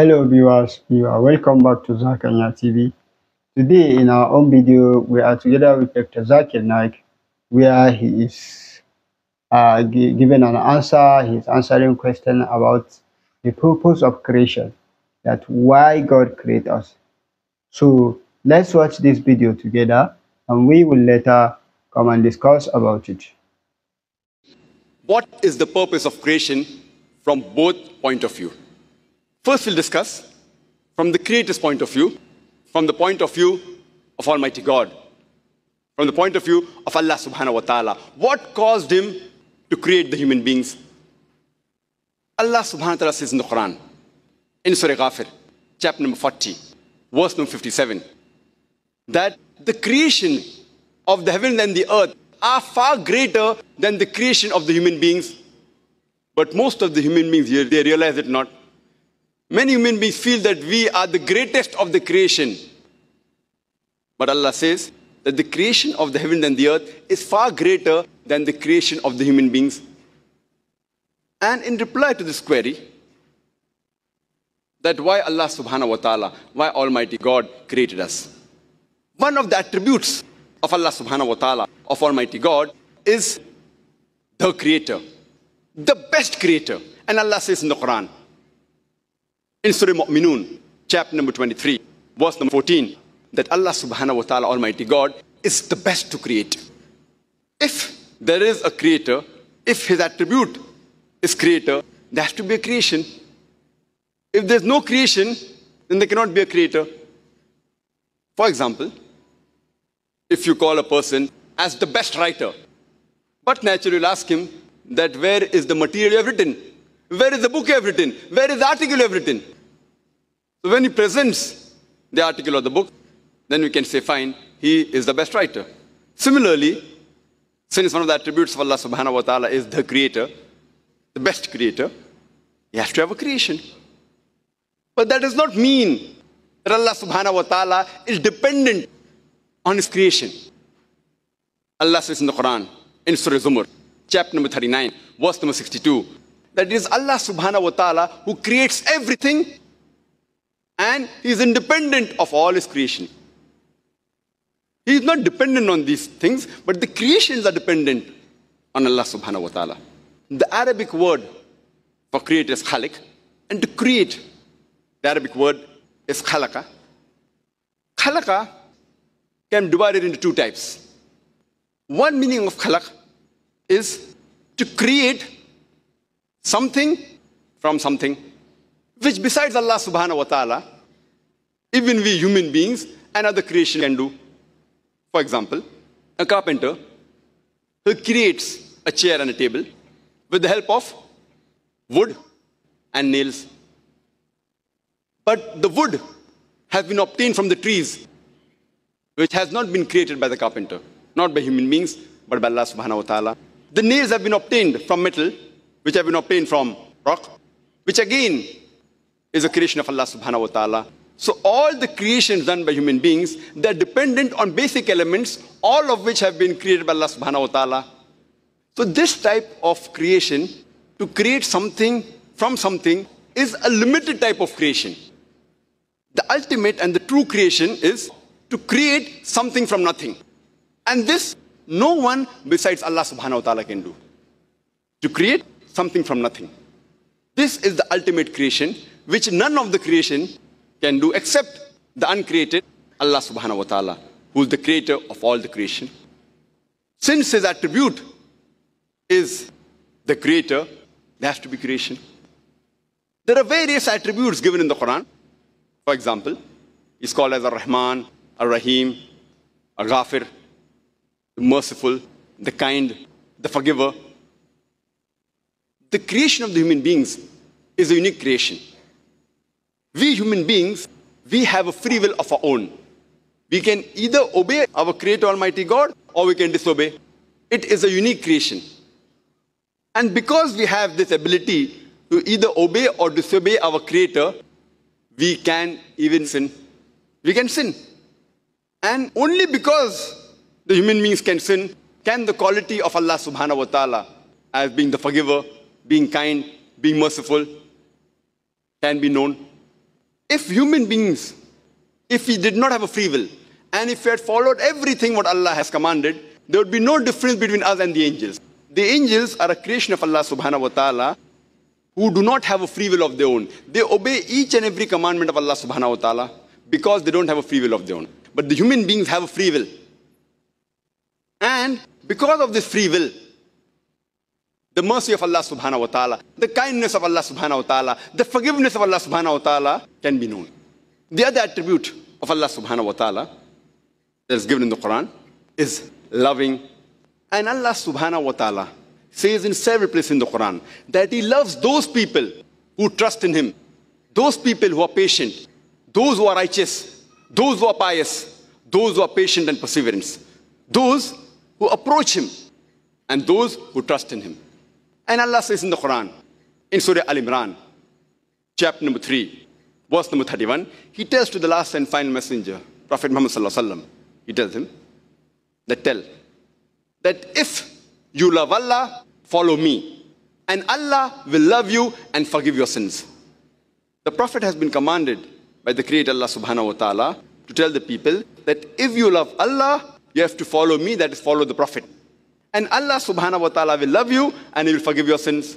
Hello viewers, you are welcome back to Zakanya TV. Today in our own video, we are together with Dr. Zakir Naik, where he is uh, given an answer, he's answering question about the purpose of creation, that why God created us. So let's watch this video together and we will later come and discuss about it. What is the purpose of creation from both point of view? First, we'll discuss from the Creator's point of view, from the point of view of Almighty God, from the point of view of Allah subhanahu wa ta'ala. What caused Him to create the human beings? Allah subhanahu wa ta'ala says in the Quran, in Surah Ghafir, chapter number 40, verse number 57, that the creation of the heavens and the earth are far greater than the creation of the human beings. But most of the human beings here, they realize it not. Many human beings feel that we are the greatest of the creation. But Allah says that the creation of the heaven and the earth is far greater than the creation of the human beings. And in reply to this query, that why Allah subhanahu wa ta'ala, why Almighty God created us. One of the attributes of Allah subhanahu wa ta'ala, of Almighty God, is the creator, the best creator. And Allah says in the Quran, in Surah Mu'minun, chapter number 23, verse number 14, that Allah subhanahu wa ta'ala, Almighty God, is the best to create. If there is a creator, if his attribute is creator, there has to be a creation. If there's no creation, then there cannot be a creator. For example, if you call a person as the best writer, but naturally you'll ask him that where is the material you have written? Where is the book you have written? Where is the article you have written? So when he presents the article or the book, then we can say, fine, he is the best writer. Similarly, since one of the attributes of Allah subhanahu wa ta'ala is the creator, the best creator, he has to have a creation. But that does not mean that Allah subhanahu wa ta'ala is dependent on his creation. Allah says in the Quran, in Surah Zumar, chapter number 39, verse number 62, that it is Allah subhanahu wa ta'ala who creates everything and he is independent of all his creation. He is not dependent on these things, but the creations are dependent on Allah subhanahu wa ta'ala. The Arabic word for create is khalik, and to create, the Arabic word is khalaqa. Khalaqa can be divided into two types. One meaning of khalaq is to create something from something, which besides Allah subhanahu wa ta'ala, even we human beings and other creation can do. For example, a carpenter who creates a chair and a table with the help of wood and nails. But the wood has been obtained from the trees, which has not been created by the carpenter, not by human beings, but by Allah subhanahu wa ta'ala. The nails have been obtained from metal, which have been obtained from rock, which again is a creation of Allah subhanahu wa ta'ala. So all the creations done by human beings, they're dependent on basic elements, all of which have been created by Allah subhanahu wa ta'ala. So this type of creation, to create something from something, is a limited type of creation. The ultimate and the true creation is to create something from nothing. And this, no one besides Allah subhanahu wa ta'ala can do. To create something from nothing. This is the ultimate creation, which none of the creation can do except the uncreated Allah subhanahu wa ta'ala, who is the creator of all the creation. Since his attribute is the creator, there has to be creation. There are various attributes given in the Quran. For example, he's called as Ar-Rahman, Ar-Rahim, Ar-Ghafir, the merciful, the kind, the forgiver, the creation of the human beings is a unique creation. We human beings, we have a free will of our own. We can either obey our Creator Almighty God or we can disobey. It is a unique creation. And because we have this ability to either obey or disobey our Creator, we can even sin. We can sin. And only because the human beings can sin, can the quality of Allah subhanahu wa ta'ala as being the forgiver, being kind, being merciful can be known. If human beings, if we did not have a free will, and if we had followed everything what Allah has commanded, there would be no difference between us and the angels. The angels are a creation of Allah subhanahu wa ta'ala who do not have a free will of their own. They obey each and every commandment of Allah subhanahu wa ta'ala because they don't have a free will of their own. But the human beings have a free will. And because of this free will, the mercy of Allah subhanahu wa ta'ala, the kindness of Allah subhanahu wa ta'ala, the forgiveness of Allah subhanahu wa ta'ala can be known. The other attribute of Allah subhanahu wa ta'ala that is given in the Quran is loving. And Allah subhanahu wa ta'ala says in several places in the Quran that He loves those people who trust in Him, those people who are patient, those who are righteous, those who are pious, those who are patient and perseverance, those who approach Him, and those who trust in Him. And Allah says in the Quran, in Surah Al Imran, chapter number 3, verse number 31, He tells to the last and final messenger, Prophet Muhammad, sallam, He tells him, that tell, that if you love Allah, follow me, and Allah will love you and forgive your sins. The Prophet has been commanded by the Creator Allah subhanahu wa ta'ala to tell the people that if you love Allah, you have to follow me, that is, follow the Prophet. And Allah subhanahu wa ta'ala will love you and He will forgive your sins.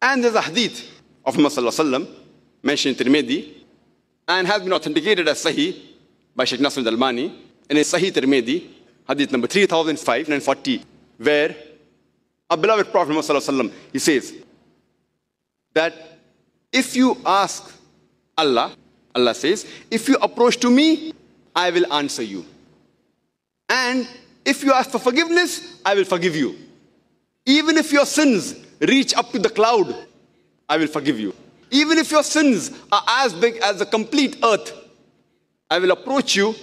And there's a hadith of Muhammad mentioned in Tirmidhi and has been authenticated as Sahih by Sheikh Nasr al-Albani in his Sahih Tirmidhi, hadith number 3540, where our beloved Prophet Muhammad he says that if you ask Allah, Allah says, if you approach to me, I will answer you. And if you ask for forgiveness, I will forgive you. Even if your sins reach up to the cloud, I will forgive you. Even if your sins are as big as the complete earth, I will approach you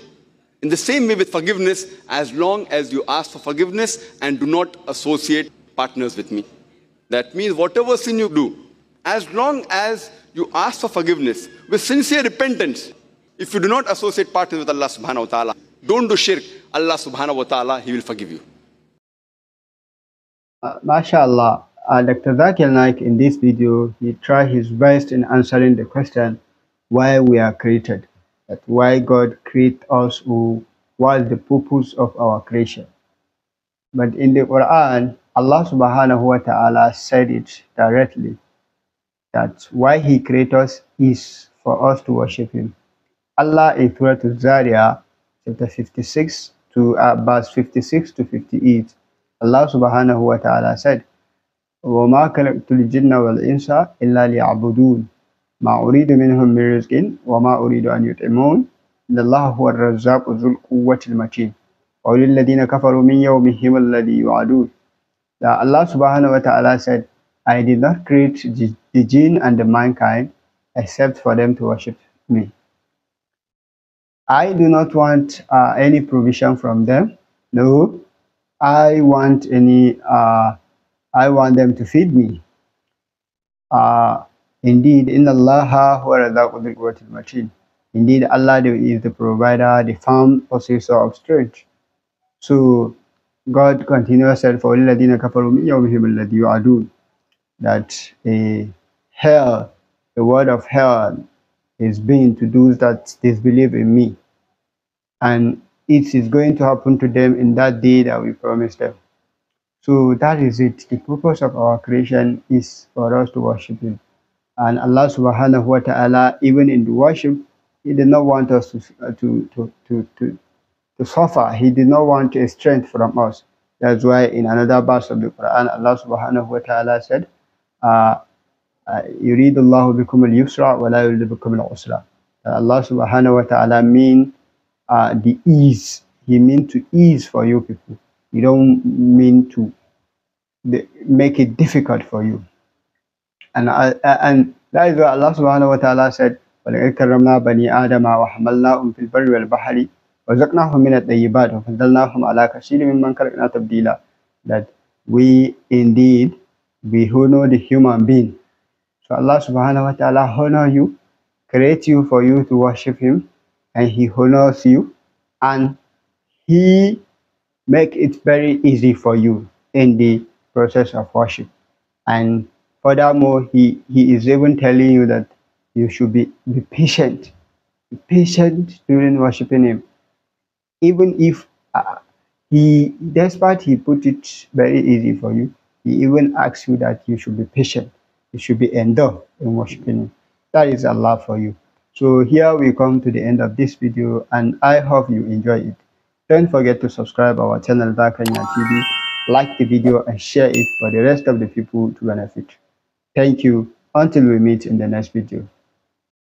in the same way with forgiveness as long as you ask for forgiveness and do not associate partners with me. That means whatever sin you do, as long as you ask for forgiveness with sincere repentance, if you do not associate partners with Allah subhanahu wa ta'ala, don't do shirk. Allah subhanahu wa ta'ala, He will forgive you. Uh, MashaAllah, uh, Dr. Zakir Naik in this video, he tried his best in answering the question why we are created, that why God created us, who was the purpose of our creation. But in the Quran, Allah subhanahu wa ta'ala said it directly that why He created us is for us to worship Him. Allah is Surah al chapter 56 to uh, verse 56 to 58 Allah subhanahu wa ta'ala said وما خلقت الجن والإنس إلا ليعبدون ما أريد منهم من رزق وما أريد أن يطعمون إن الله هو الرزاق ذو القوة المتين وللذين كفروا من يومهم الذي يوعدون that Allah subhanahu wa ta'ala said I did not create the jinn and the mankind except for them to worship me I do not want uh, any provision from them. No, I want any. Uh, I want them to feed me. Uh, indeed, in Allah, Indeed, Allah is the provider, the firm possessor of strength. So God continues said for الَّذِينَ كَفَرُوا مِنْ يَوْمِهِمُ الَّذِي يُعَدُونَ that a hell, the word of hell is being to those that disbelieve in me and it is going to happen to them in that day that we promised them. So that is it. The purpose of our creation is for us to worship Him. And Allah subhanahu wa ta'ala, even in the worship, He did not want us to, uh, to, to, to, to, to suffer. He did not want a strength from us. That's why in another verse of the Quran, Allah subhanahu wa ta'ala said, "You read, Allah become يريد Yusra, بكم اليسر will become بكم العسر. Allah subhanahu wa ta'ala mean uh, the ease. He mean to ease for you people. He don't mean to make it difficult for you. And uh, and that is why Allah Subhanahu wa Taala said, "وَلَقَدْ كَرَّمْنَا بَنِي آدَمَ وَحَمَلْنَاهُمْ فِي الْبَرِّ وَالْبَحْرِ مِنَ الطَّيِّبَاتِ وَفَضَّلْنَاهُمْ عَلَى كَثِيرٍ مِمَّنْ خَلَقْنَا That we indeed we honor the human being. So Allah Subhanahu wa Taala honor you, create you for you to worship Him and he honors you and he make it very easy for you in the process of worship and furthermore he he is even telling you that you should be be patient be patient during worshiping him even if uh, he despite he put it very easy for you he even asks you that you should be patient you should be endure in worshiping him that is allah for you so here we come to the end of this video and I hope you enjoy it. Don't forget to subscribe our channel Dakanya TV, like the video and share it for the rest of the people to benefit. Thank you until we meet in the next video.